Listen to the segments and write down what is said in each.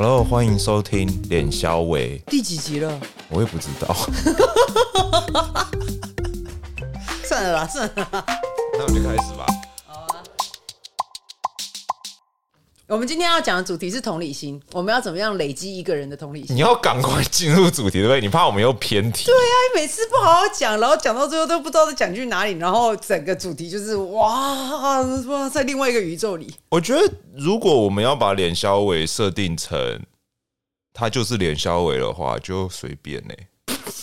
Hello，歡迎收聽《戀囂喂》第幾集了？我也不知道 算，算了吧，算。那我們就開始吧。我們今天要講的主題是同理心，我們要怎麼樣累積一個人的同理心？你要趕快進入主題，對不對？你怕我們又偏題？對啊，每次不好好講，然後講到最後都不知道在講去哪裡，然後整個主題就是哇哇在另外一個宇宙裡。我覺得如果我們要把戀囂喂設定成他就是戀囂喂的話，就隨便嘞、欸。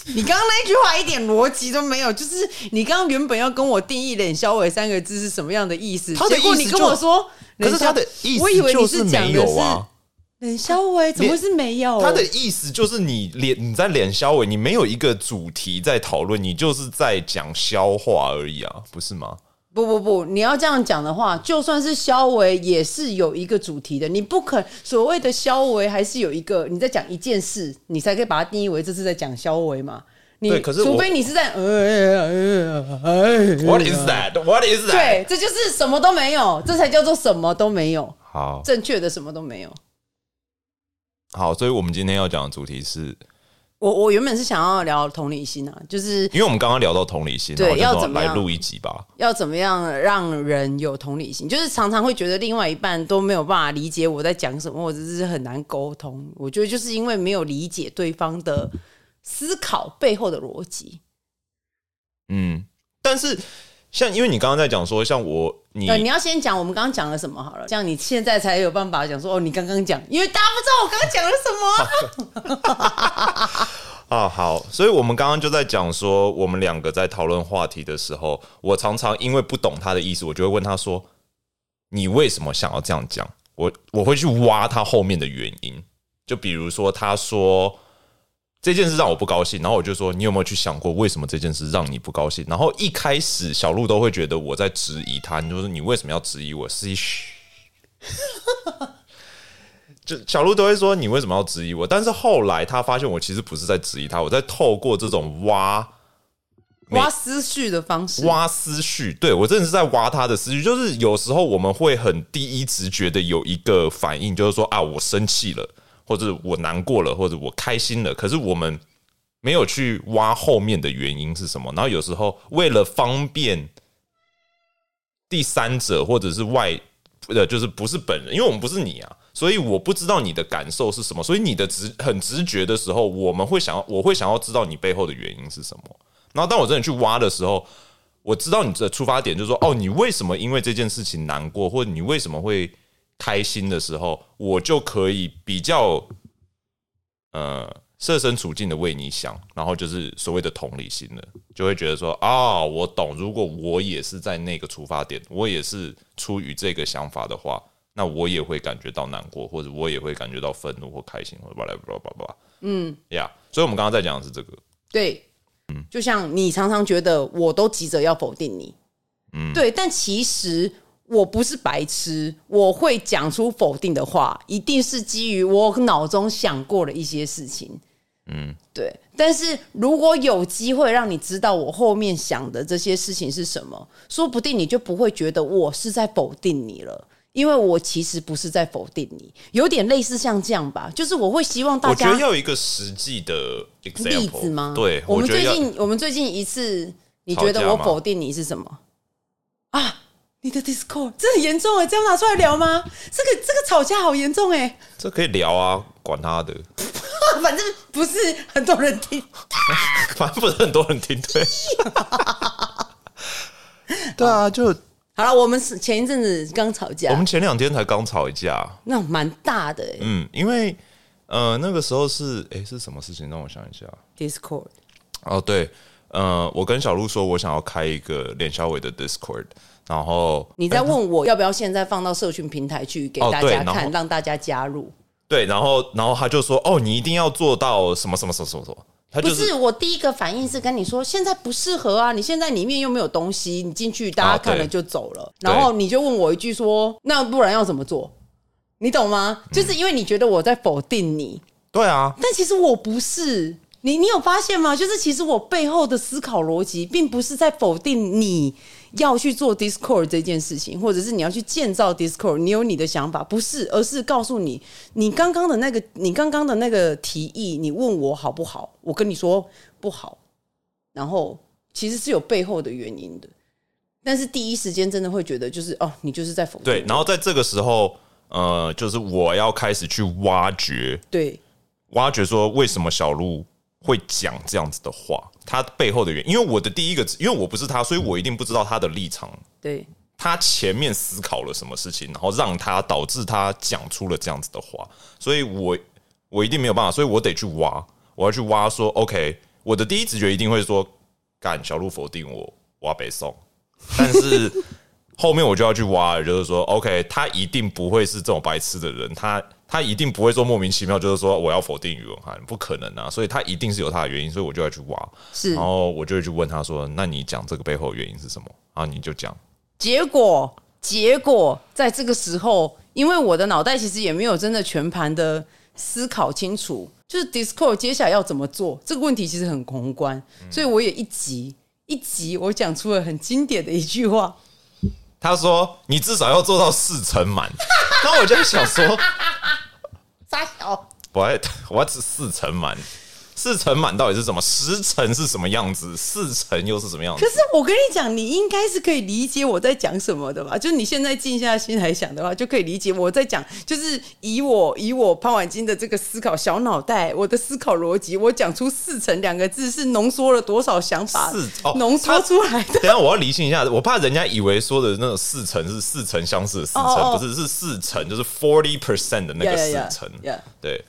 你剛剛那句話一點邏輯都沒有，就是你剛剛原本要跟我定義“戀囂喂”三個字是什麼樣的意思，他的意思結果你跟我說，就消可是他的意思就是沒有啊，我以為你是沒有啊？戀囂喂怎麼會是沒有？他的意思就是你戀你在“戀囂喂”，你沒有一個主題在討論，你就是在講消化而已啊，不是嗎？不不不，你要這樣講的話，就算是囂喂也是有一個主題的。你不可所謂的囂喂還是有一個，你在講一件事，你才可以把它定義為這是在講囂喂嘛。你對，可是我除非你是在呃呃呃，What is that? What is that? 對，這就是什麼都沒有，這才叫做什麼都沒有。好、嗯，正確的什麼都沒有好。好，所以我們今天要講的主題是？我我原本是想要聊同理心啊，就是因為我們剛剛聊到同理心，對，然後要怎麼樣來錄一集吧？要怎麼樣讓人有同理心？就是常常會覺得另外一半都沒有辦法理解我在講什麼，或者是很難溝通。我覺得就是因為沒有理解對方的思考背後的邏輯。嗯，但是。像，因為你剛剛在講說，像我，你，對你要先講，我們剛剛講了什麼好了，像你現在才有辦法講說，哦，你剛剛講，因為大家不知道我剛剛講了什麼啊。好，所以我們剛剛就在講說，我們兩個在討論話題的時候，我常常因為不懂他的意思，我就會問他說，你為什麼想要這樣講？我我會去挖他後面的原因，就比如說他說。這件事讓我不高興，然後我就說，你有沒有去想過為什麼這件事讓你不高興？然後一開始小陸都會覺得我在質疑他，你就說你為什麼要質疑我？噓， 就小陸都會說你為什麼要質疑我？但是後來他發現我其實不是在質疑他，我在透過這種挖挖思緒的方式，挖思緒，對，我真的是在挖他的思緒。就是有時候我們會很第一直覺的有一個反應，就是說啊，我生氣了。或者是我難過了，或者我開心了，可是我們沒有去挖後面的原因是什麼。然後有時候為了方便第三者或者是外，呃，就是不是本人，因為我們不是你啊，所以我不知道你的感受是什麼。所以你的直很直覺的時候，我們會想要，我會想要知道你背後的原因是什麼。然後當我真的去挖的時候，我知道你的出發點就是說，哦，你為什麼因為這件事情難過，或者你為什麼會？開心的時候，我就可以比較呃設身處境的為你想，然後就是所謂的同理心了，就會覺得說啊，我懂。如果我也是在那個出發點，我也是出於這個想法的話，那我也會感覺到難過，或者我也會感覺到憤怒或開心，或者巴拉巴拉巴拉。嗯，呀，Yeah, 所以我們剛剛在講的是這個，對，嗯，就像你常常覺得我都急着要否定你，嗯，對，但其實。我不是白痴，我會講出否定的話，一定是基於我腦中想過的一些事情。嗯，對。但是如果有機會讓你知道我後面想的這些事情是什麼，說不定你就不會覺得我是在否定你了，因為我其實不是在否定你，有點類似像這樣吧。就是我會希望大家例子嗎？我覺得要有一個實際的例子嗎？對，我們最近我們最近一次，你覺得我否定你是什麼啊？你的 Discord 這很嚴重哎、欸，這樣拿出來聊嗎？ 這個這個吵架好嚴重哎、欸，這可以聊啊，管他的， 反正不是很多人聽， 反正不是很多人聽對， 對啊，就啊好了。我們是前一陣子剛吵架，我們前兩天才剛吵一架，那蠻大的、欸。嗯，因為呃那個時候是哎、欸、是什麼事情讓我想一下 Discord，哦對，呃我跟小陸說我想要開一個戀囂喂的 Discord。然後你在問我要不要現在放到社群平台去給大家看，哦、讓大家加入。對，然後然後他就說：“哦，你一定要做到什麼什麼什麼什麼什麼。就是”不是，我第一個反應是跟你說現在不適合啊，你現在裡面又沒有東西，你進去大家看了就走了。啊、然後你就問我一句說：“那不然要怎麼做？”你懂嗎？就是因為你覺得我在否定你。嗯、對啊，但其實我不是你，你有發現嗎？就是其實我背後的思考邏輯並不是在否定你。要去做 Discord 這件事情，或者是你要去建造 Discord，你有你的想法，不是，而是告訴你，你剛剛的那個你剛剛的那個提議，你問我好不好？我跟你說不好，然後其實是有背後的原因的，但是第一時間真的會覺得就是哦，你就是在否定。對，然後在這個時候，呃，就是我要開始去挖掘，對，挖掘說為什麼小陸。會講這樣子的話，他背後的原因，因為我的第一個，因為我不是他，所以我一定不知道他的立場，對他前面思考了什麼事情，然後讓他導致他講出了這樣子的話，所以我我一定沒有辦法，所以我得去挖，我要去挖說，說 OK，我的第一直覺一定會說，幹，小陸否定我挖北宋，但是。 後面我就要去挖，就是說，OK，他一定不會是這種白痴的人，他他一定不會說莫名其妙，就是說我要否定宇文涵，不可能啊，所以他一定是有他的原因，所以我就要去挖，是，然後我就會去問他說：“那你講這個背後的原因是什麼？”啊，你就講。結果，結果在這個時候，因為我的腦袋其實也沒有真的全盤的思考清楚，就是 Discord 接下來要怎麼做這個問題其實很宏觀，嗯，所以我也一急一急，我講出了很經典的一句話。他說：“你至少要做到四成滿。” 那我就想說：“傻小，What, what's 四成滿。”四成滿到底是什麼？十成是什麼樣子？四成又是什麼樣子？可是我跟你講，你應該是可以理解我在講什麼的吧？就是你現在靜下心來想的話，就可以理解我在講。就是以我以我潘婉金的這個思考小腦袋，我的思考邏輯，我講出“四成”兩個字是濃縮了多少想法？四哦，濃縮出來的。哦、等一下我要釐清一下， 我怕人家以為說的那種“四,四成”是似曾相識的“四成”，不是是四成，就是 forty percent 的那個四成。對、yeah, yeah, yeah, yeah. 對。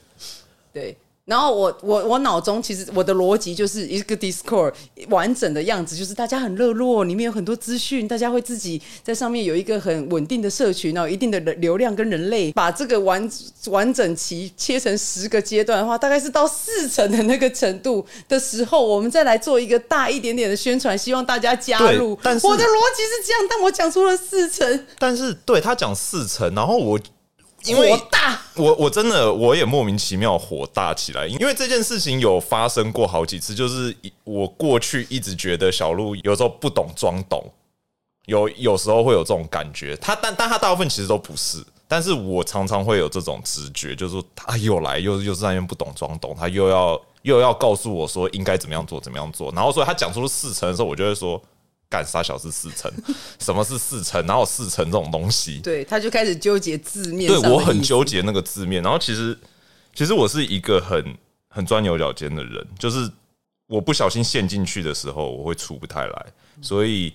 對然後我我我腦中其實我的邏輯就是一個 Discord 完整的樣子，就是大家很熱絡，裡面有很多資訊，大家會自己在上面有一個很穩定的社群，然後一定的流流量跟人類，把這個完完整期切成十個階段的話，大概是到四成的那個程度的時候，我們再來做一個大一點點的宣傳，希望大家加入。對但是我的邏輯是這樣，但我講出了四成。但是，對，他講四成，然後我。因為我大，我我真的我也莫名其妙火大起來，因為這件事情有發生過好幾次，就是我過去一直覺得小陸有時候不懂裝懂有，有有時候會有這種感覺，他但但他大部分其實都不是，但是我常常會有這種直覺，就是說他又來又又是在那邊不懂裝懂，他又要又要告訴我說應該怎麼樣做，怎麼樣做，然後所以他講出了四成的時候，我就會說。幹三小事四成？ 什麼是四成？然後四成這種東西？對，他就開始糾結字面。對，我很糾結那個字面，然後其實其實我是一個很很鑽牛角尖的人，就是我不小心陷進去的時候，我會出不太來，嗯，所以。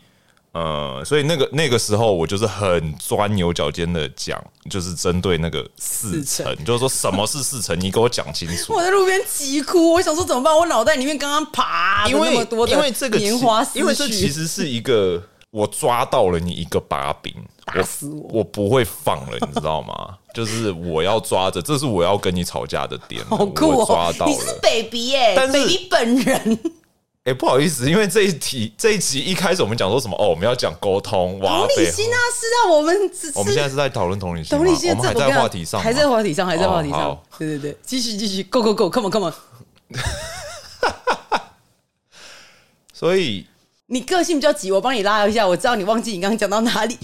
呃，所以那個那個時候，我就是很鑽牛角尖的講，就是針對那個四成，四成就是說什麼是四成， 你給我講清楚。我在路邊急哭，我想說怎麼辦？我腦袋裡面剛剛爬，因為因為這個棉花，因為這其實是一個我抓到了你一個把柄，打死我，我，我不會放了，你知道嗎？ 就是我要抓着，這是我要跟你吵架的點。好酷喔、我抓到了，你是 baby 哎、欸、是，baby 本人。哎、欸，不好意思，因為這一題這一集一開始我們講說什麼？哦，我們要講溝通。哇，同理心啊，是啊，我們我們現在是在討論同理心，同理心，還在話題上，還在話題上，還在話題上。對對對，繼續繼續，Go Go Go，Come on Come on。 所以你個性比較急，我幫你拉一下，我知道你忘記你剛剛講到哪裡。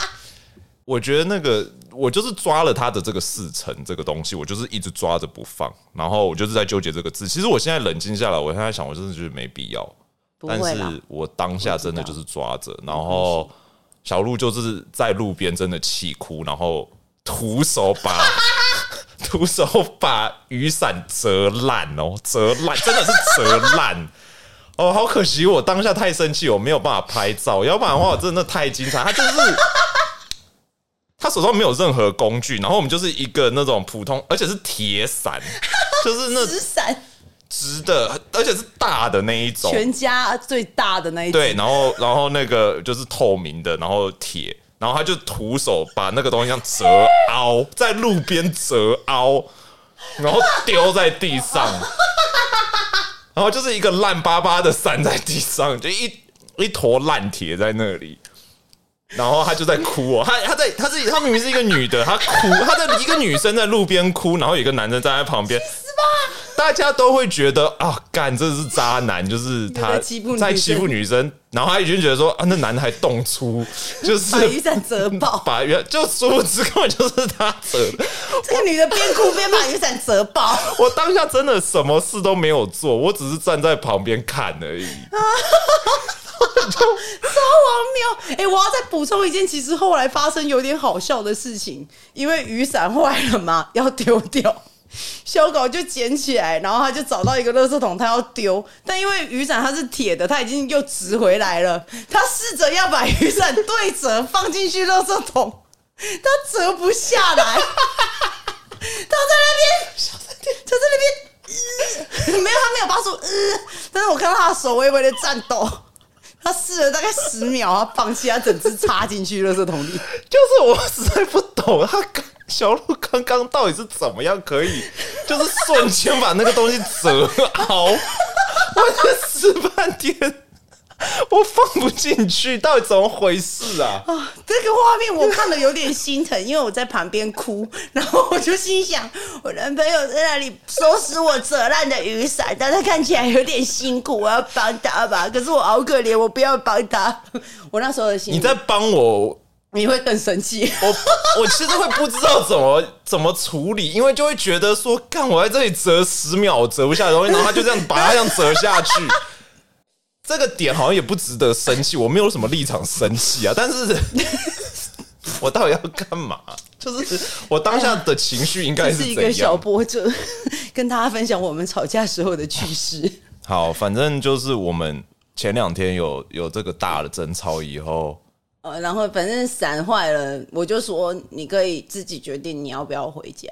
我覺得那個。我就是抓了他的這個四成這個東西，我就是一直抓着不放，然後我就是在糾結這個字。其實我現在冷靜下來，我現在想，我真的覺得沒必要。不會。但是我當下真的就是抓着，然後小陸就是在路邊真的氣哭，然後徒手把 徒手把雨傘折爛哦，折爛真的是折爛哦，好可惜，我當下太生氣，我沒有辦法拍照，要不然的話我真的太精彩。他就是。他手上沒有任何工具，然後我們就是一個那種普通，而且是鐵傘，就是那直傘，直的，而且是大的那一種，全家最大的那一種。對，然後，然後那個就是透明的，然後鐵，然後他就徒手把那個東西像折凹，在路邊折凹，然後丟在地上，然後就是一個爛巴巴的傘在地上，就一一坨爛鐵在那裡。 然後他就在哭哦、喔，他他在他自己他明明是一個女的，她哭，他在一個女生在路邊哭，然後有一個男生站在旁邊，是吧？大家都會覺得啊，幹這是渣男，就是他在欺負女生，然後他已經覺得說啊，那男的還動粗，就是把雨傘折爆，把雨就殊不知根本就是他折。這個女的邊哭邊把雨傘折爆，我當下真的什麼事都沒有做，我只是站在旁邊看而已。 昭哎、欸，我要再補充一件，其實後來發生有點好笑的事情，因為雨傘壞了嘛，要丟掉，小狗就撿起來，然後他就找到一個垃圾桶，他要丟，但因為雨傘它是鐵的，它已經又折回來了，他試着要把雨傘對折放進去垃圾桶，他折不下來， 他在那邊，他在那邊，那邊呃、 沒有他沒有發出呃，但是我看到他的手微微的顫抖。他試了大概十秒，他放棄，他整隻插進去垃圾桶裡。就是我實在不懂，他小陸剛剛到底是怎麼樣，可以就是瞬間把那個東西折好？我就試半天。我放不進去，到底怎麼回事啊？啊，這個畫面我看得有點心疼，因為我在旁邊哭，然後我就心想，我男朋友在那裡收拾我折爛的雨傘，但他看起來有點辛苦，我要幫他吧？可是我好可憐，我不要幫他。我那時候的心，你在幫我，你會更生氣。我我其實會不知道怎麼怎麼處理，因為就會覺得說，看我在這裡折十秒折不下來，然後他就這樣把它這樣折下去。 這個點好像也不值得生氣，我沒有什麼立場生氣啊。但是， 我到底要幹嘛？就是我當下的情緒應該是，哎，是一個小波折，跟大家分享我們吵架時候的趣事。好，反正就是我們前兩天有有這個大的爭吵以後，呃，然後反正傘壞了，我就說你可以自己決定你要不要回家。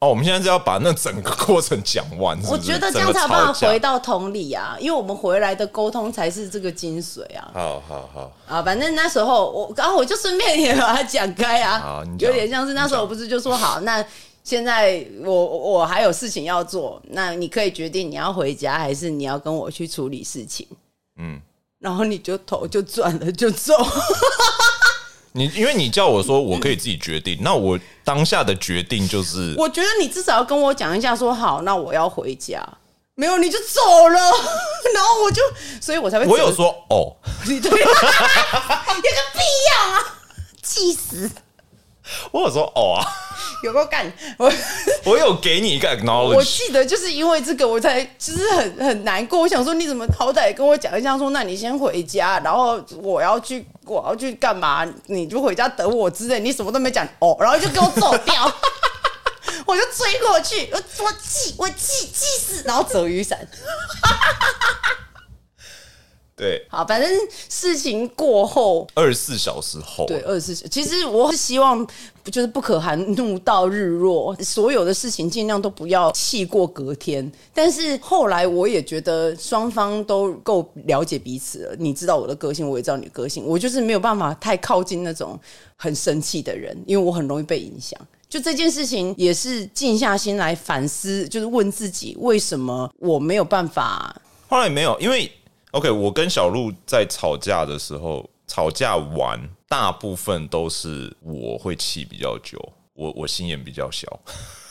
哦，我們現在就要把那整個過程講完是不是？我覺得這樣才有辦法回到同理啊，因為我們回來的溝通才是這個精髓啊。好好好，啊，反正那時候我，剛、啊、好我就順便也把它講開啊，好你有點像是那時候我不是就說好，講那現在我我還有事情要做，那你可以決定你要回家還是你要跟我去處理事情，嗯，然後你就頭就轉了就走。 你因為你叫我說我可以自己決定， 那我當下的決定就是，我覺得你至少要跟我講一下，說好，那我要回家，沒有你就走了，然後我就，所以我才會，我有說哦，你對有個屁樣啊，氣死！我有說哦啊。有夠幹我！我有給你一個 knowledge，我記得就是因為這個，我才就是很很難過。我想說你怎麼好歹也跟我講一下，說那你先回家，然後我要去我要去幹嘛，你就回家等我之類，你什麼都沒講哦，然後就給我走掉，我就追過去，我氣，我氣我氣氣死，然後折雨傘。對，好，反正事情過後二十四小時後，對二十四小時，其實我是希望，就是不可含怒到日落，所有的事情盡量都不要氣過隔天。但是後來我也覺得雙方都夠了解彼此了，你知道我的個性，我也知道你的個性，我就是沒有辦法太靠近那種很生氣的人，因為我很容易被影響。就這件事情也是靜下心來反思，就是問自己為什麼我沒有辦法啊。後來沒有，因為。OK，我跟小陸在吵架的時候，吵架完大部分都是我會氣比較久，我我心眼比較小，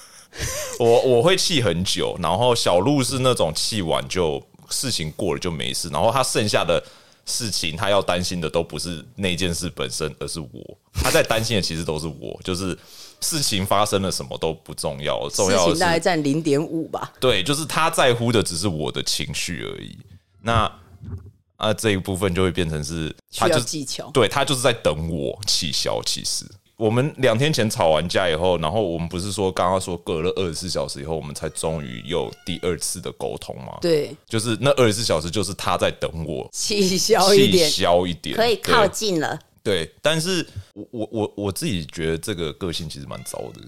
我我會氣很久，然後小陸是那種氣完就事情過了就沒事，然後他剩下的事情他要擔心的都不是那件事本身，而是我，他在擔心的其實都是我，就是事情發生了什麼都不重要，重要的是事情大概佔零點五吧，對，就是他在乎的只是我的情緒而已，那。那、啊、這一部分就會變成是他、他，就需要技巧，對，他就是在等我氣消。其實我們兩天前吵完架以後，然後我們不是說剛剛說隔了二十四小時以後，我們才終於有第二次的溝通嗎？對，就是那二十四小時就是他在等我氣消一點，氣消一點，可以靠近了。對，對，但是我我我我自己覺得這個個性其實蠻糟的，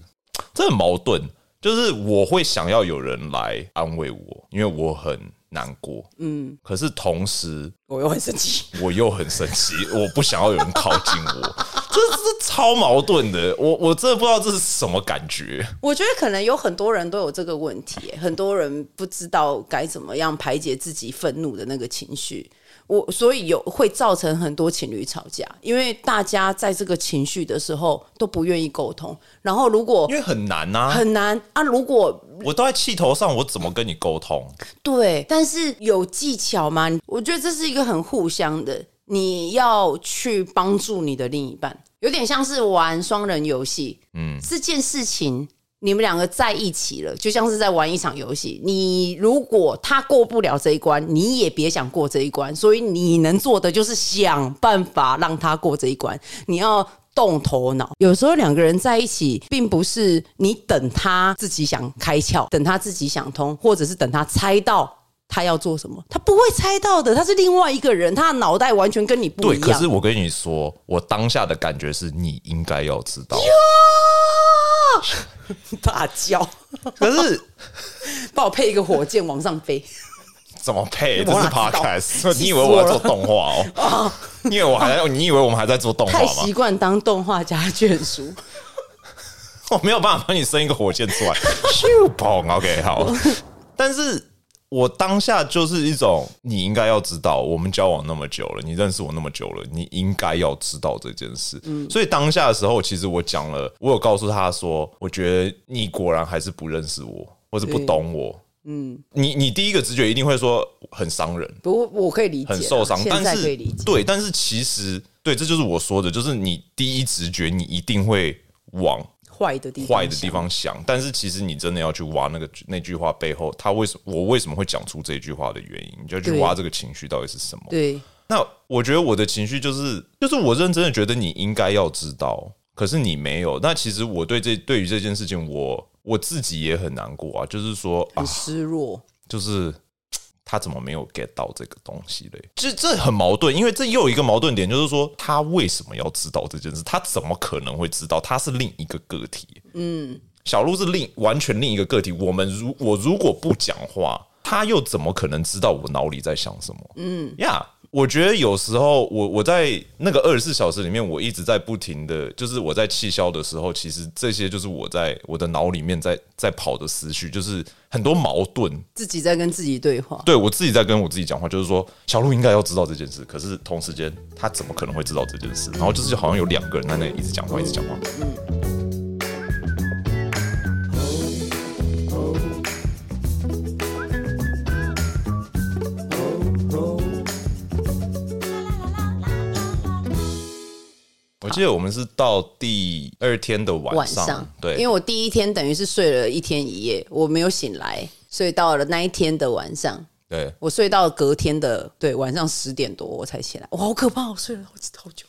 這很矛盾。就是我會想要有人來安慰我，因為我很。難過，嗯，可是同時我又很生氣，我又很生氣， 我不想要有人靠近我， 這是超矛盾的，我我真的不知道這是什麼感覺。我覺得可能有很多人都有這個問題耶， 很多人不知道該怎麼樣排解自己憤怒的那個情緒。我所以有會造成很多情侶吵架，因為大家在這個情緒的時候都不願意溝通。然後如果、啊、因為很難吶、啊，很難啊！如果我都在氣頭上，我怎麼跟你溝通？對，但是有技巧嗎？我覺得這是一個很互相的，你要去幫助你的另一半，有點像是玩雙人遊戲。嗯，這件事情。你們兩個在一起了，就像是在玩一場遊戲。你如果他過不了這一關，你也別想過這一關。所以你能做的就是想辦法讓他過這一關。你要動頭腦。有時候兩個人在一起，並不是你等他自己想開竅，等他自己想通，或者是等他猜到他要做什麼。他不會猜到的，他是另外一個人，他的腦袋完全跟你不一樣。對，可是我跟你說，我當下的感覺是你應該要知道。 大叫嬌笑是！可是幫我配一個火箭往上飛，怎麼配？ 這是 Podcast，你以為我在做動畫哦、喔？因、 啊、為我還在，啊、你以為我們還在做動畫嗎？太習慣當動畫家眷屬， 我沒有辦法幫你生一個火箭出來。s u OK，好， 但是。我當下就是一種，你應該要知道，我們交往那麼久了，你認識我那麼久了，你應該要知道這件事。嗯，所以當下的時候，其實我講了，我有告訴他說，我覺得你果然還是不認識我，或者不懂我。嗯，嗯，你你第一個直覺一定會說很傷人，不，我可以理解，很受傷，在，但是對，但是其實對，這就是我說的，就是你第一直覺，你一定會往。壞的壞的地方想，但是其實你真的要去挖那個那句話背後，他為什麼我為什麼會講出這句話的原因，你就要去挖這個情緒到底是什麼？對，對那我覺得我的情緒就是就是我認真的覺得你應該要知道，可是你沒有。那其實我對這對於這件事情我，我我自己也很難過啊，就是說很失落、啊，就是。他怎麼沒有 get 到這個東西嘞？這這很矛盾，因為這又有一個矛盾點就是說，他為什麼要知道這件事？他怎麼可能會知道？他是另一個個體，嗯，小陸是另完全另一個個體。我們如我如果不講話，他又怎麼可能知道我腦裡在想什麼？嗯，呀。我覺得有時候我，我我在那個二十四小時裡面，我一直在不停的，就是我在氣消的時候，其實這些就是我在我的腦裡面在在跑的思緒，就是很多矛盾，自己在跟自己對話，對我自己在跟我自己講話，就是說小陸應該要知道這件事，可是同時間他怎麼可能會知道這件事？然後就是好像有兩個人在那裡一直講話，嗯、一直講話。嗯。我好記得我們是到第二天的晚上，晚上對，因為我第一天等於是睡了一天一夜，我沒有醒來，所以到了那一天的晚上，對，我睡到了隔天的對晚上十點多我才起來，哇，好可怕，我睡了我好久，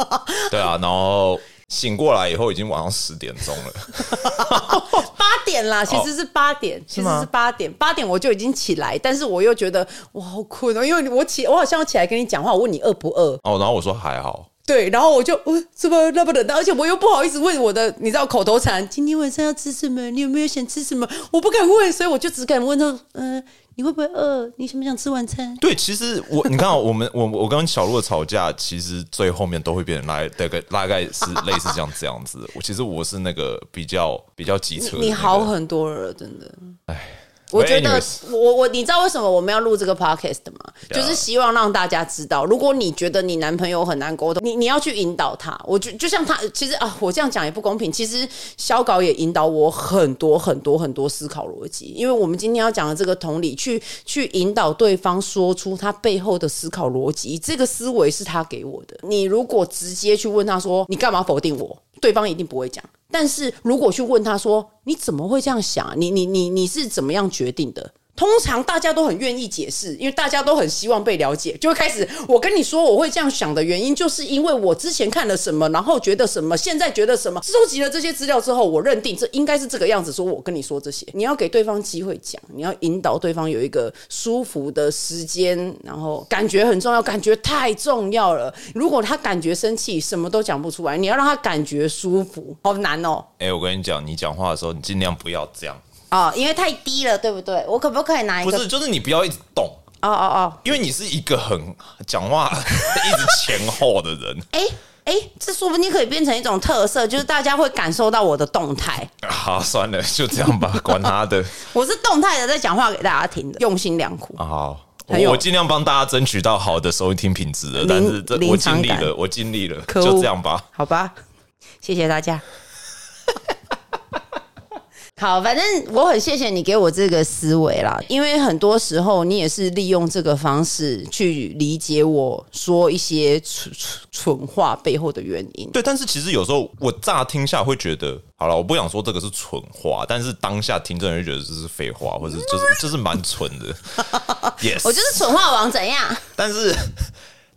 對啊，然後醒過來以後已經晚上十點鐘了，八 點啦，其實是八點，哦、其實是八點，八嗎點我就已經起來，但是我又覺得我好困哦，因為我起我好像要起來跟你講話，我問你餓不餓哦，然後我說還好。對，然後我就，呃，怎麼那麼冷淡？而且我又不好意思問我的，你知道口頭禪，今天晚上要吃什麼？你有沒有想吃什麼？我不敢問，所以我就只敢問他，嗯、呃，你會不會餓？你想不想吃晚餐？對，其實我， 你看我們，我我跟小陸吵架，其實最後面都會變成大概大概是類似像這樣子。我 其實我是那個比較比較急車、那個你，你好很多了，真的。哎我覺得我，我我你知道為什麼我們要錄這個 podcast 嗎？Yeah. 就是希望讓大家知道，如果你覺得你男朋友很難溝通，你你要去引導他。我就就像他，其實啊，我這樣講也不公平。其實囂搞也引導我很多很多很多思考邏輯，因為我們今天要講的這個同理，去去引導對方說出他背後的思考邏輯。這個思維是他給我的。你如果直接去問他說，你幹嘛否定我，對方一定不會講。但是如果去問他說：“你怎麼會這樣想？你、你、你、你是怎麼樣決定的？”通常大家都很願意解釋，因為大家都很希望被了解，就會開始。我跟你說我會這樣想的原因，就是因為我之前看了什麼，然後覺得什麼，現在覺得什麼。收集了這些資料之後，我認定這應該是這個樣子。說我跟你說這些，你要給對方機會講，你要引導對方有一個舒服的時間，然後感覺很重要，感覺太重要了。如果他感覺生氣，什麼都講不出來，你要讓他感覺舒服，好難哦。誒，我跟你講，你講話的時候，你盡量不要這樣。哦，因為太低了，對不對？我可不可以拿一個？不是，就是你不要一直動。哦哦哦，因為你是一個很講話一直前後的人。哎哎、 欸欸，這說不定可以變成一種特色，就是大家會感受到我的動態、啊。好，算了，就這樣吧，管他的。 我是動態的，在講話給大家聽的，用心良苦哦，oh, 有我盡量幫大家爭取到好的收聽品質的，零但是這我盡力了，我盡力了，惡就這樣吧。好吧，謝謝大家。好，反正我很謝謝你給我這個思維啦。因為很多時候你也是利用這個方式去理解我說一些蠢蠢話背後的原因。對，但是其實有時候我乍聽下會覺得，好了，我不想說這個是蠢話，但是當下聽真的人就覺得這是廢話，或者就是就是蠻蠢的。 Yes，我就是蠢話王，怎樣？但是。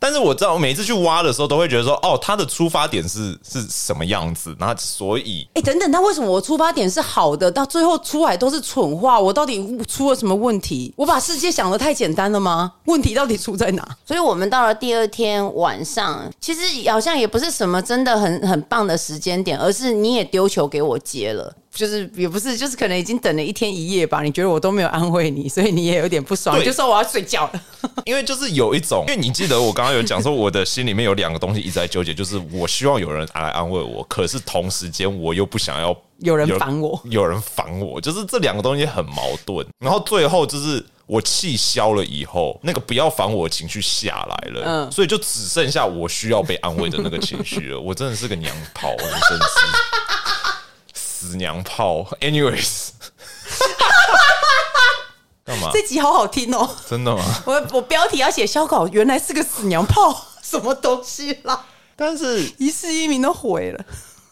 但是我知道，每次去挖的時候，都會覺得說，哦，他的出發點是是什麼樣子，那所以，哎、欸，等等，那為什麼我出發點是好的，到最後出來都是蠢話？我到底出了什麼問題？我把世界想得太簡單了嗎？問題到底出在哪？所以我們到了第二天晚上，其實好像也不是什麼真的很很棒的時間點，而是你也丟球給我接了。就是也不是，就是可能已經等了一天一夜吧。你覺得我都沒有安慰你，所以你也有點不爽，對就說我要睡覺了。 因為就是有一種，因為你記得我剛剛有講說，我的心裡面有兩個東西一直在糾結，就是我希望有人來安慰我，可是同時間我又不想要有人煩我有，有人煩我，就是這兩個東西很矛盾。然後最後就是我氣消了以後，那個不要煩我的情緒下來了，嗯，所以就只剩下我需要被安慰的那個情緒了。 我真的是個娘炮，我真的是。 死娘炮，anyways，幹嘛？這集好好聽哦，真的嗎？我我標題要寫囂搞，原來是個死娘炮，什麼東西啦？ 但是一世英名都毀了，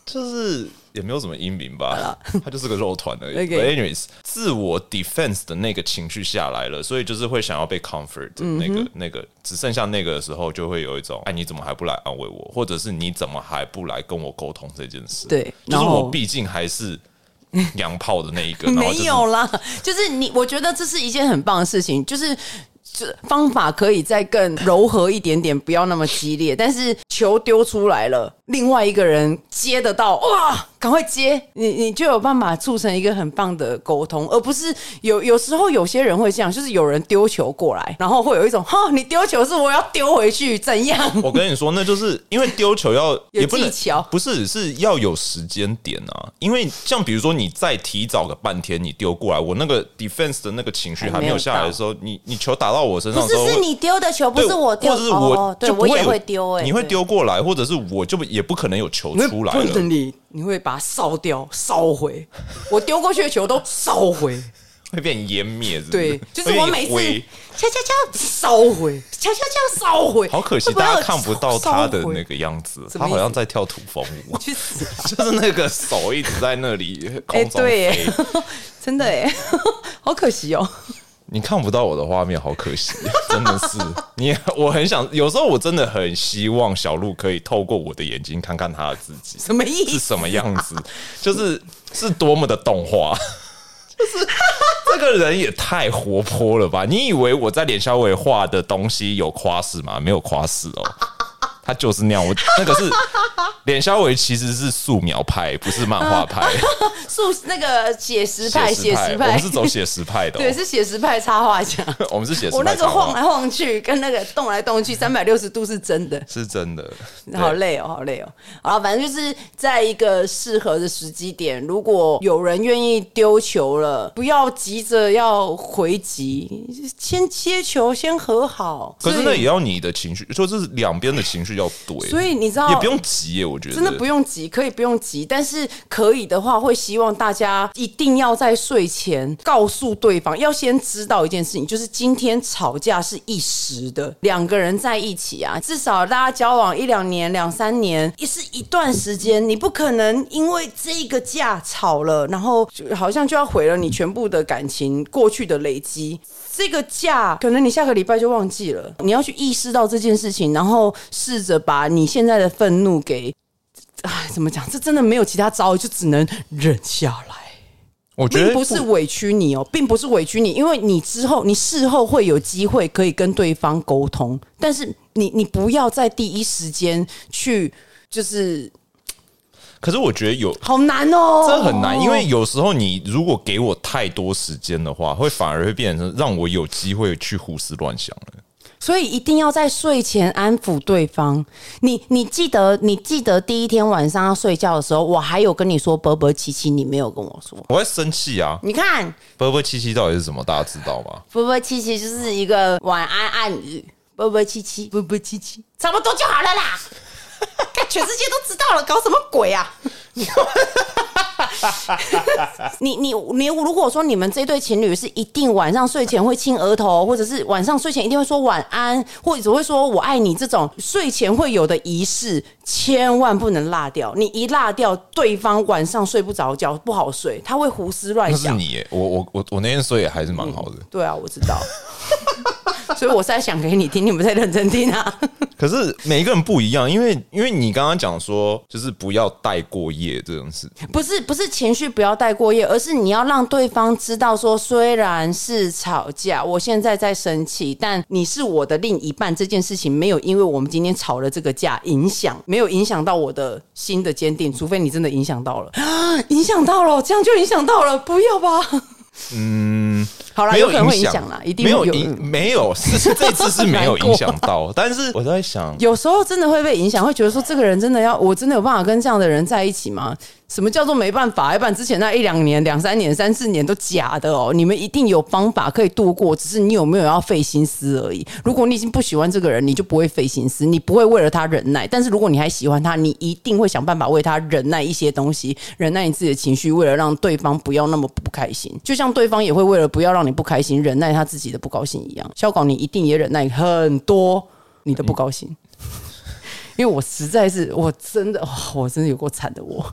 就是。也沒有什麼英明吧，他就是個肉團而已。但 anyways，自我 defense 的那個情緒下來了，所以就是會想要被 comfort 那個那個只剩下那個的時候，就會有一種哎，你怎麼還不來安慰我？或者是你怎麼還不來跟我溝通這件事？對，就是我畢竟還是娘炮的那一個。 沒有啦，就是你，我覺得這是一件很棒的事情，就是。是方法可以再更柔和一點點，不要那麼激烈。但是球丟出來了，另外一個人接得到，哇，趕快接，你你就有辦法促成一個很棒的溝通，而不是有有時候有些人會這樣，就是有人丟球過來，然後會有一種，哈、哦，你丟球是我要丟回去，怎樣？我跟你說，那就是因為丟球要 有技巧。也不，不是，不是是要有時間點啊。因為像比如說，你再提早個半天，你丟過來，我那個 defense 的那個情緒還沒有下來的時候，你你球打。到我身上，不是是你丟的球，不是我丟，是我，對我也會丟，哎，你會丟過來，或者是我就也不可能有球出來了，你你會把它燒掉，燒回，我丟過去的球都燒回，會變成湮滅，對，就是我每次悄悄敲燒回，悄敲敲燒回，好可惜，大家看不到他的那個樣子，他好像在跳土風舞，去死，就是那個手一直在那裡，哎，對，真的哎、欸，好可惜哦。你看不到我的畫面，好可惜，真的是你。我很想，有時候我真的很希望小陸可以透過我的眼睛看看他的自己，什麼意思啊？是什麼樣子？就是是多麼的動畫，就是 這個人也太活潑了吧？你以為我在臉小偉畫的東西有誇飾嗎？沒有誇飾哦。他就是那樣。我那個是，臉小偉其實是素描派，不是漫畫派。素那個寫實派，寫實派。實我們是走寫實派的喔，對，是寫實派插畫家。我們是寫實。我那個晃來晃去，跟那個動來動去，三百六十度是真的，是真的。好累哦，好累哦。啊，反正就是在一個適合的時機點，如果有人願意丟球了，不要急着要回擊，先接球，先和好。可是那也要你的情緒，就是兩邊的情緒。 所以你知道也不用急。欸，我覺得、嗯、真的不用急，可以不用急。但是可以的話，會希望大家一定要在睡前告訴對方，要先知道一件事情，就是今天吵架是一時的，兩個人在一起啊，至少大家交往一兩年、兩三年，也是一段時間。你不可能因為這個架吵了，然後好像就要毀了你全部的感情過去的累積。這個假可能你下個禮拜就忘記了，你要去意識到這件事情，然後試着把你現在的憤怒給，哎，怎麼講？這真的沒有其他招，就只能忍下來。我覺得並不是委屈你哦，並不是委屈你，因為你之後你事後會有機會可以跟對方溝通，但是你你不要在第一時間去就是。可是我覺得有好難哦，這很難，因為有時候你如果給我太多時間的話，會反而會變成讓我有機會去胡思亂想了。所以一定要在睡前安撫對方你。你你記得你記得第一天晚上要睡覺的時候，我還有跟你說“波波七七”，你沒有跟我說，我會生氣啊！你看“波波七七”到底是什麼？大家知道嗎？“波波七七”就是一個晚安暗語，“波波七七”“波波七七”，差不多就好了啦。全世界都知道了，搞什麼鬼啊！你你你，如果說你們這對情侶是一定晚上睡前會親額頭，或者是晚上睡前一定會說晚安，或者只會說我愛你這種睡前會有的儀式，千萬不能落掉。你一落掉，對方晚上睡不着覺，不好睡，他會胡思亂想。是你，我我我我那天睡也還是蠻好的。對啊，我知道。 所以我是在講給你聽，你們在認真聽啊。 可是每一個人不一樣，因為因為你剛剛講說，就是不要帶過夜這種事不，不是不是情緒不要帶過夜，而是你要讓對方知道說，雖然是吵架，我現在在生氣，但你是我的另一半，這件事情沒有因為我們今天吵了這個架影響，沒有影響到我的心的堅定，除非你真的影響到了啊， 影響到了，這樣就影響到了，不要吧。嗯，好啦，有，有可能會影響啦，一定會有沒有影，沒有、嗯、是這次是沒有影響到， 過啊、但是我在想，有時候真的會被影響，會覺得說這個人真的要，我真的有辦法跟這樣的人在一起嗎？什麼叫做沒辦法？要不然之前那一兩年、兩三年、三四年都假的哦。你們一定有方法可以度過，只是你有沒有要費心思而已。如果你已經不喜歡這個人，你就不會費心思，你不會為了他忍耐。但是如果你還喜歡他，你一定會想辦法為他忍耐一些東西，忍耐你自己的情緒，為了讓對方不要那麼不開心。就像對方也會為了不要讓你不開心，忍耐他自己的不高興一樣。小搞，你一定也忍耐很多你的不高興，因為我實在是，我真的，我真的有夠慘的我。.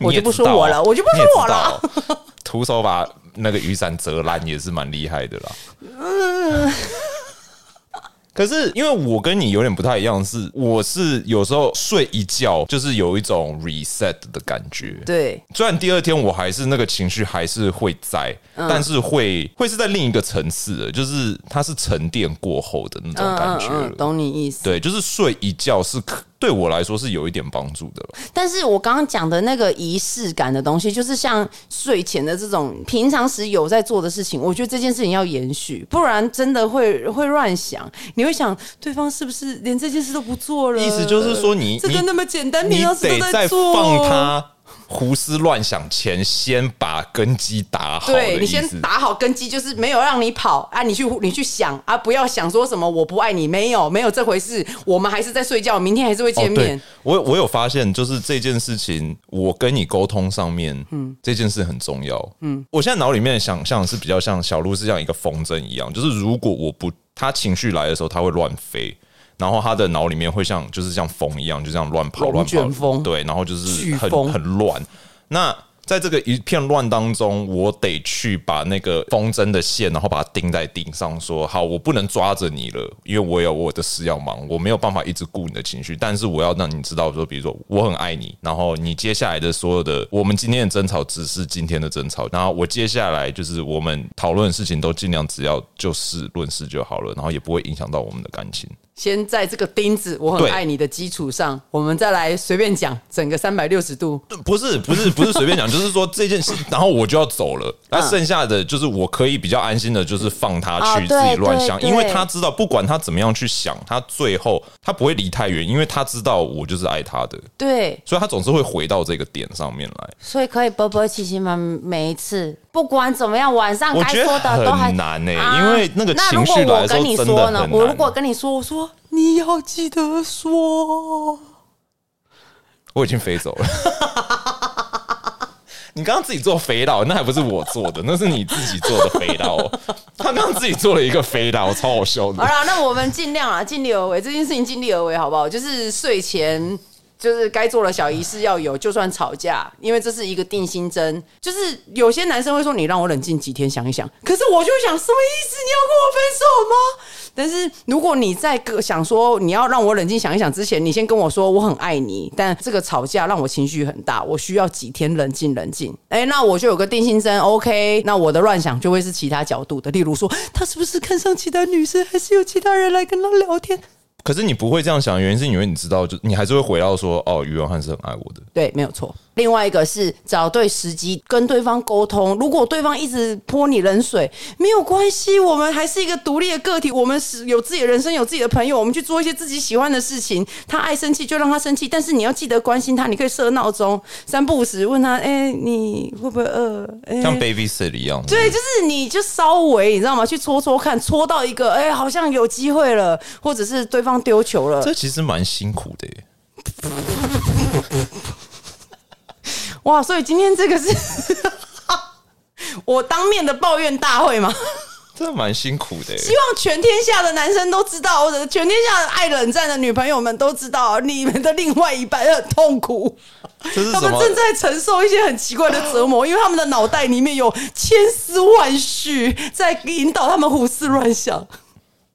我就不說我了，我就不說我了。 徒手把那個雨傘折爛也是蠻厲害的啦。嗯， 可是因為我跟你有點不太一樣，是我是有時候睡一覺就是有一種 reset 的感覺。對，雖然第二天我還是那個情緒還是會在，嗯、但是會會是在另一個層次的，就是它是沉澱過後的那種感覺，嗯嗯。懂你意思？對，就是睡一覺是可。對我來說是有一點幫助的，但是我剛剛講的那個儀式感的東西，就是像睡前的這種平常時有在做的事情，我覺得這件事情要延續，不然真的會會亂想，你會想對方是不是連這件事都不做了？意思就是說你這個你你那麼簡單，平常時都在做，哦。胡思亂想前，先把根基打好。對，你先打好根基，就是沒有讓你跑啊你，你去你去想啊，不要想說什麼我不愛你，沒有沒有這回事，我們還是在睡覺，明天還是會見面。哦，我我有發現，就是這件事情，我跟你溝通上面，嗯，這件事很重要，嗯，我現在腦裡面想象是比較像小陸是像一個風箏一樣，就是如果我不，他情緒來的時候，他會亂飛。然後他的腦裡面會像就是像風一樣，就這樣亂跑亂跑，對，然後就是很很亂。那在這個一片亂當中，我得去把那個風箏的線，然後把它釘在頂上，說好，我不能抓着你了，因為我有我的事要忙，我沒有辦法一直顧你的情緒，但是我要讓你知道，說比如說我很愛你，然後你接下來的所有的我們今天的爭吵只是今天的爭吵，然後我接下來就是我們討論的事情都盡量只要就事論事就好了，然後也不會影響到我們的感情。先在這個釘子我很愛你的基礎上，對 我們再來隨便講整個三百六十度。不是不是不是不是隨便講， 就是說這件事，然後我就要走了。那、嗯、剩下的就是我可以比較安心的，就是放他去自己亂想，哦、因為他知道不管他怎麼樣去想，他最後他不會離太遠，因為他知道我就是愛他的。對，所以他總是會回到這個點上面來。所以可以波波琪琪嗎？每一次不管怎麼樣，晚上該說的都還很難呢、欸，啊、因為那個情緒來我跟你說呢，啊、我如果跟你說，我說。你要記得說，我已經飛走了。你剛剛自己做飛刀，那還不是我做的，那是你自己做的飛刀。他剛剛自己做了一個飛刀，我超好笑的。好啦，那我們盡量啊，盡力而為，這件事情盡力而為，好不好？就是睡前。就是該做的小儀式要有，就算吵架，因為這是一個定心針。就是有些男生會說：“你讓我冷靜幾天，想一想。”可是我就想什麼意思？你要跟我分手嗎？但是如果你在個想說你要讓我冷靜想一想之前，你先跟我說，我很愛你。但這個吵架讓我情緒很大，我需要幾天冷靜冷靜。哎、欸，那我就有個定心針。OK，那我的亂想就會是其他角度的，例如說，他是不是看上其他女生，還是有其他人來跟他聊天。可是你不會這樣想，原因是因為你知道，就你還是會回到說，哦，余文瀚是很愛我的。對，沒有錯。另外一個是找對時機跟對方溝通。如果對方一直潑你冷水，沒有關係，我們還是一個獨立的個體，我們是有自己的人生，有自己的朋友，我們去做一些自己喜歡的事情。他愛生氣就讓他生氣，但是你要記得關心他。你可以設鬧鐘，三不五時問他：“哎、欸，你會不會餓？”欸、像 Baby Set 一樣，對，就是你就稍微你知道嗎？去戳戳看，戳到一個，哎、欸，好像有機會了，或者是對方丟球了。這其實蠻辛苦的耶。 哇！所以今天這個是 我當面的抱怨大會嘛，這蠻辛苦的。希望全天下的男生都知道，或者全天下的愛冷戰的女朋友們都知道，你們的另外一半很痛苦，他們正在承受一些很奇怪的折磨，因為他們的腦袋裡面有千絲萬緒在引導他們胡思亂想。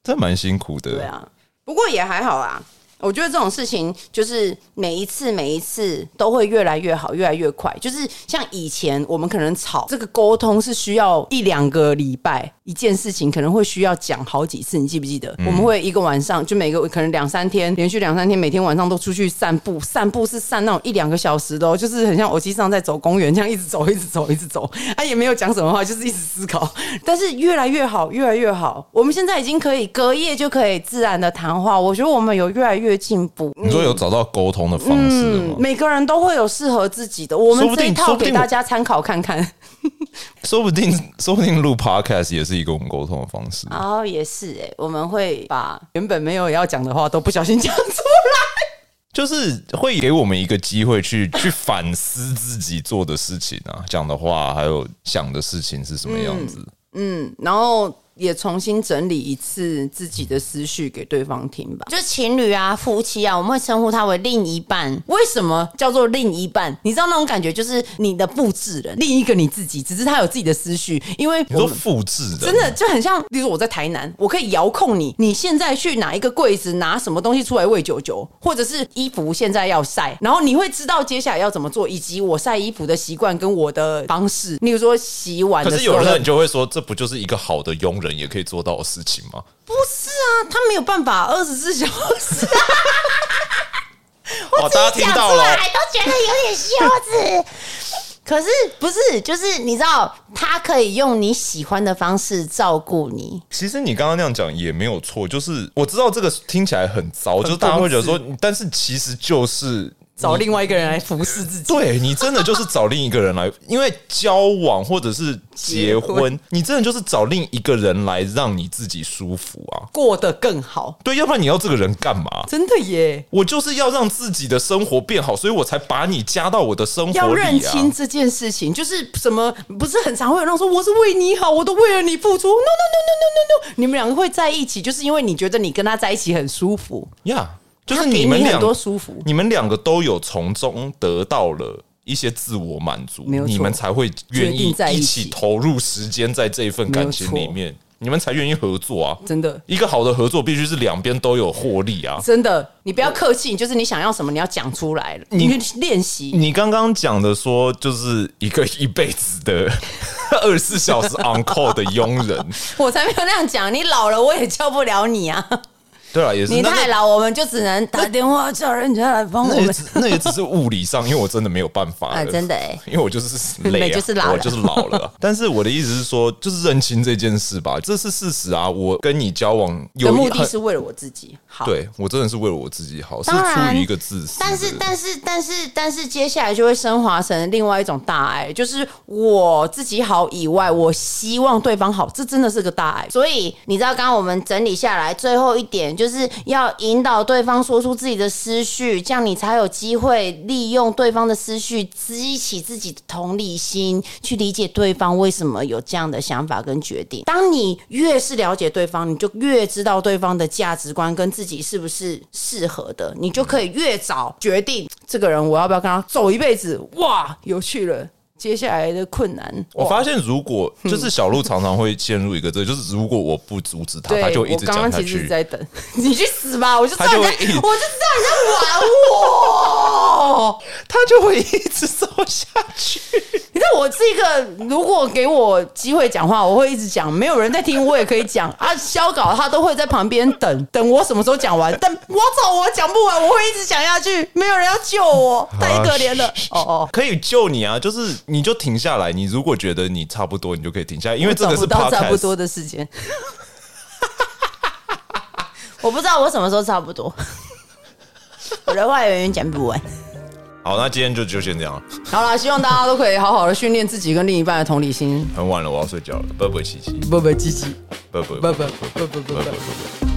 這蠻辛苦的。對啊，不過也還好啊。我覺得這種事情就是每一次每一次都會越來越好，越來越快。就是像以前我們可能吵這個溝通是需要一兩個禮拜，一件事情可能會需要講好幾次。你記不記得我們會一個晚上就每個可能兩三天連續兩三天，每天晚上都出去散步。散步是散那種一兩個小時的，哦，就是很像我經常在走公園這樣一直走一直走一直走，啊，他也沒有講什麼話，就是一直思考。但是越來越好，越來越好。我們現在已經可以隔夜就可以自然的談話。我覺得我們有越來越。越進進步，你說有找到溝通的方式嗎？嗯？每個人都會有適合自己的，我們這一套給大家參考看看。說不定，說不定錄 podcast 也是一個我們溝通的方式。哦，也是哎、欸，我們會把原本沒有要講的話都不小心講出來，就是會給我們一個機會去去反思自己做的事情啊，講的話還有想的事情是什麼樣子。嗯，嗯，然後。也重新整理一次自己的思緒給對方聽吧。就情侶啊、夫妻啊，我們會稱呼他為另一半。為什麼叫做另一半？你知道那種感覺，就是你的複製人，另一個你自己，只是他有自己的思緒。因為都複製的，真的就很像。例如我在台南，我可以遙控你。你現在去哪一個櫃子拿什麼東西出來餵九九，或者是衣服現在要曬，然後你會知道接下來要怎麼做，以及我曬衣服的習慣跟我的方式。例如說洗碗。可是有人你就會說，這不就是一個好的傭人？也可以做到的事情嗎？不是啊，他沒有辦法二十四小時。哇、 啊，大家講出來都覺得有點羞恥。 可是不是，就是你知道，他可以用你喜歡的方式照顧你。其實你剛剛那樣講也沒有錯，就是我知道這個聽起來很糟，很就是大家會覺得說，但是其實就是。找另外一個人來服侍自己。對，對你真的就是找另一個人來，因為交往或者是結婚，你真的就是找另一個人來讓你自己舒服啊，過得更好。對，要不然你要這個人幹嘛？真的耶，我就是要讓自己的生活變好，所以我才把你加到我的生活裡，要認清這件事情，就是什麼不是很常會有人說我是為你好，我都為了你付出。No No No No No No No，你們兩個會在一起，就是因為你覺得你跟他在一起很舒服呀。就是你們倆你，你們兩個都有從中得到了一些自我滿足，沒錯，你們才會願意一起投入時間在這一份感情裡面，沒錯，你們才願意合作啊！真的，一個好的合作必須是兩邊都有獲利啊！真的，你不要客氣，我，就是你想要什麼，你要講出來你，你去練習。你剛剛講的說就是一個一輩子的二十四小時 on call 的傭人， 我才沒有那樣講，你老了我也叫不了你啊。對啊，也是你太老，那個、我們就只能打電話叫人家來幫我們那。那也只是物理上， 因為我真的沒有辦法哎、啊，真的哎、欸，因為我就是累、啊、就是老了。我就是老了。 但是我的意思是說，就是認清這件事吧，這是事實啊。我跟你交往有目的是為了我自己、啊、好，對，我真的是為了我自己好，是出於一個自私。但是，但是，但是，但是，接下來就會升華成另外一種大愛，就是我自己好以外，我希望對方好，這真的是個大愛。所以你知道，剛剛我們整理下來最後一點。就是要引導對方說出自己的思緒，這樣你才有機會利用對方的思緒激起自己的同理心，去理解對方為什麼有這樣的想法跟決定。當你越是了解對方，你就越知道對方的價值觀跟自己是不是適合的，你就可以越早決定這個人，我要不要跟他走一輩子。哇，有趣了。接下來的困難，我發現如果哇就是小陸常常會陷入一個，這、嗯、就是如果我不阻止他， 他就一直講下去。我剛剛其實在等你去死吧，我就知道你在，就我就知道你在玩我， 他就會一直走下去。你知道我是一個，如果給我機會講話，我會一直講，沒有人在聽，我也可以講啊。囂搞他都會在旁邊等等我什麼時候講完，但我找我講不完，我會一直講下去，沒有人要救我，太可憐了。啊、哦，可以救你啊，就是。你就停下來，你如果覺得你差不多，你就可以停下來，因為這個是差不多的時間。我不知道我什麼時候差不多，我的話永遠講不完。好，那今天就就先這樣。好啦，希望大家都可以好好的訓練自己跟另一半的同理心。很晚了，我要睡覺了。啵啵琪琪，啵啵琪琪，啵啵啵啵啵啵啵啵。